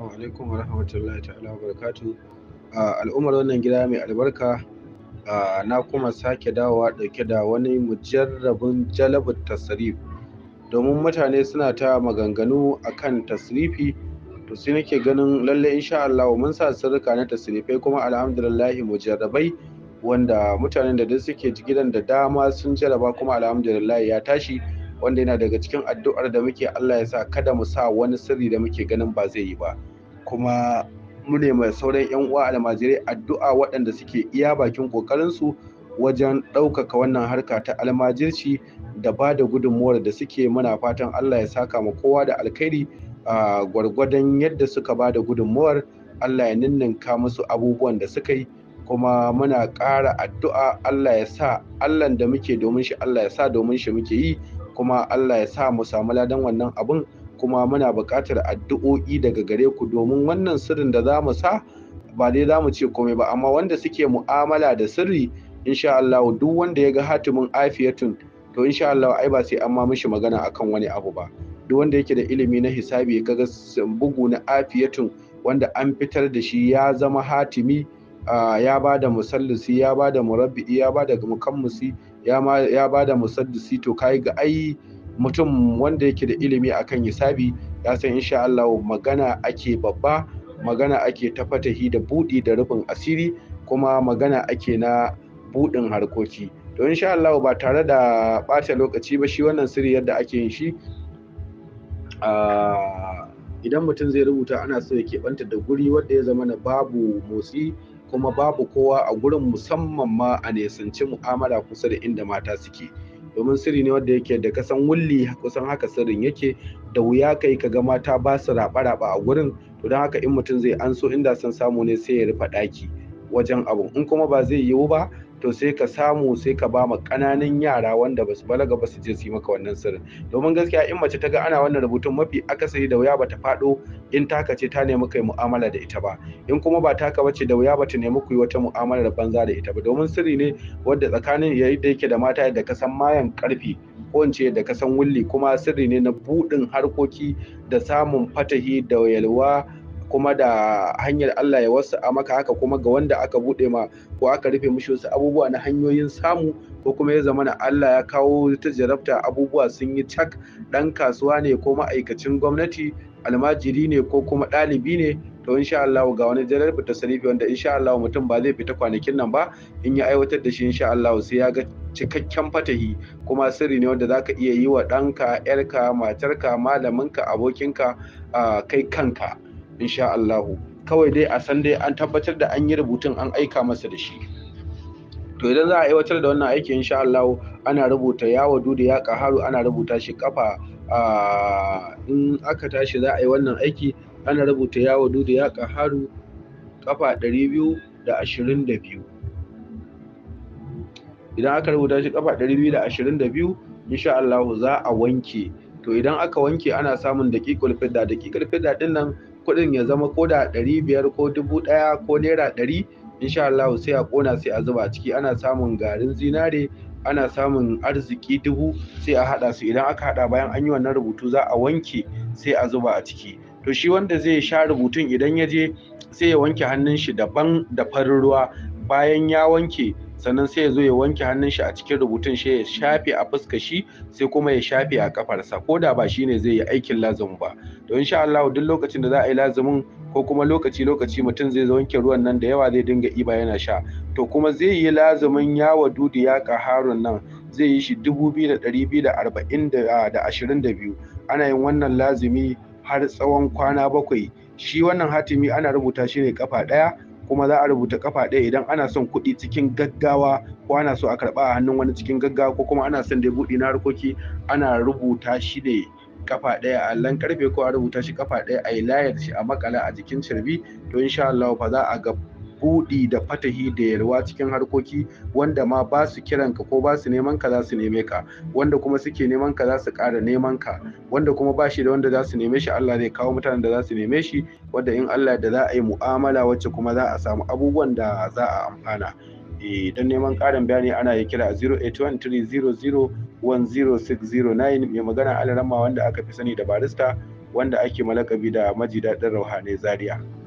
Assalamu alaikum wa rahmatullahi ta'ala wa barakatu. Al'ummar wannan gida mai albarka na kuma sake dawowa ɗauke da wani mujarrabin jalabin tasrif domin mutane suna ta maganganu akan tasrifi to sai nake ganin lalle insha Allah mun sa sirrika na tasrifai kuma alhamdulillah mujarrabai wanda mutanen da duk suke gidan da dama sun jarraba kuma alhamdulillah ya tashi wanda yana daga cikin addu'ar da muke Allah ya sa kada mu sa wani sirri da muke ganin ba zai yi ba kuma mu mai sauran 'yan uwa almajirai addu'a waɗanda suke iya bakin ƙoƙarinsu wajen ɗaukaka wannan harka ta almajirci da ba da gudunmuwar da suke muna fatan Allah ya saka ma kowa da alkhairi a gwargwadon yadda suka ba da gudunmuwar Allah ya ninninka musu abubuwan da suka yi kuma muna ƙara addu'a Allah ya sa Allah da muke domin shi Allah ya sa domin shi muke yi kuma Allah ya sa mu samu ladan wannan abun kuma muna buƙatar addu'o'i daga gare ku domin wannan sirrin da za mu sa ba dai za mu ce komai ba amma wanda suke mu'amala da sirri insha Allah duk wanda ya ga hatimin afiyatun to insha Allah ai ba sai an ma mishi magana akan wani abu ba duk wanda yake da ilimi na hisabi ga bugu na afiyatun wanda an fitar da shi ya zama hatimi ya ba da musallisi ya ba da murabbi ya ba da mukammusi ya ba da musaddisi to kai ga ai mutum wanda yake da ilimi akan hisabi ya san insha Allah magana ake babba magana ake ta fatahi da buɗi da rufin asiri kuma magana ake na buɗin harkoki to insha Allah ba tare da ɓata lokaci ba shi wannan sirri yadda ake yin shi idan mutum zai rubuta ana so ya keɓanta da guri wanda ya zama na babu motsi kuma babu kowa a gurin musamman ma a nisanci mu'amala kusa da inda mata suke domin sirri ne wanda yake da kasan wulli kusan haka sirrin yake da wuya kai ka ga mata ba su raba-raba a gurin to don haka in mutum zai an so inda son samu ne sai ya rufe ɗaki wajen abu in kuma ba zai yiwu ba to sai ka samu sai ka ba ma ƙananan yara wanda ba su balaga ba su je su yi maka wannan sirrin domin gaskiya in mace ta ga ana wannan rubutun mafi akasari da wuya ba ta faɗo in taka ce ta nemi kai mu'amala da ita ba in kuma ba taka bace da wuya ba ta nemi ku yi wata mu'amalar banza da ita ba domin sirri ne wanda tsakanin yayi da yake da mata yadda ka san mayan karfi ko in ce yadda ka san wulli kuma sirri ne na buɗin harkoki da samun fatahi da yalwa kuma da hanyar Allah ya wasu a maka haka kuma ga wanda aka buɗe ma ko aka rufe mishi wasu abubuwa na hanyoyin samu ko kuma ya zamana Allah ya kawo ta jarabta abubuwa sun yi cak ɗan kasuwa ne ko ma'aikacin gwamnati almajiri ne ko kuma ɗalibi ne to insha Allah ga wani jarar fita wanda insha Allah mutum ba zai fita kwanakin nan ba in ya aiwatar da shi insha Allah sai ya ga cikakken fatahi kuma sirri ne wanda zaka iya yi wa ɗanka, 'yarka, matarka, malaminka, abokinka ah, kai kanka. insha Allahu kawai dai a san dai an tabbatar da an yi rubutun an aika masa da shi to idan za a aiwatar da wannan aiki insha Allah ana rubuta wadu da ya kaharu ana rubuta shi kafa in aka tashi za a yi wannan aiki ana rubuta wadu da ya kaharu kafa 222 idan aka rubuta shi kafa 222 insha Allah za a wanke to idan aka wanke ana samun daƙiƙul fidda daƙiƙul fidda din nan kuɗin ya zama ko da ɗari biyar ko dubu ɗaya ko naira ɗari insha Allah sai a ƙona sai a zuba a ciki ana samun garin zinare ana samun arziki dubu sai a haɗa su idan aka haɗa bayan an yi wannan rubutu za a wanke sai a zuba a ciki to shi wanda zai sha rubutun idan ya je sai ya wanke hannun shi daban da farin ruwa bayan ya wanke sannan sai ya zo ya wanke hannun shi a cikin rubutun shi ya shafe a fuskar shi sai kuma ya shafe a kafarsa ko da ba shine zai yi aikin lazumi ba to insha Allah duk lokacin da za a yi lazumin ko kuma lokaci lokaci mutum zai zo wanke ruwan nan da yawa zai dinga iba yana sha to kuma zai yi lazumin yawa dudu ya harun nan zai yi shi 2240 ah, ana yin wannan lazumi har tsawon kwana bakwai shi wannan hatimi ana rubuta shi ne kafa ɗaya kuma za a rubuta kafa ɗaya idan ana son kuɗi cikin gaggawa ko ana so a karɓa a hannun wani cikin gaggawa ko kuma ana son da buɗi na harkoki ana rubuta shi ne kafa ɗaya a allon karfe ko a rubuta shi kafa ɗaya a yi layar shi a makala a jikin cirbi to insha Allah fa za a ga buɗi da fatahi da yalwa cikin harkoki wanda ma ba su kiran ka ko ba su neman ka za su neme ka wanda kuma suke neman ka za su ƙara neman ka wanda kuma ba shi da wanda za su neme shi Allah zai kawo mutanen da za su neme shi wanda in Allah da za a yi mu'amala wacce kuma za a samu abubuwan da za a amfana eh, don neman ƙarin bayani ana yi kira 0813001069 mai magana alarama wanda aka fi sani da barista wanda ake malakabi da maji daɗin rauhane zaria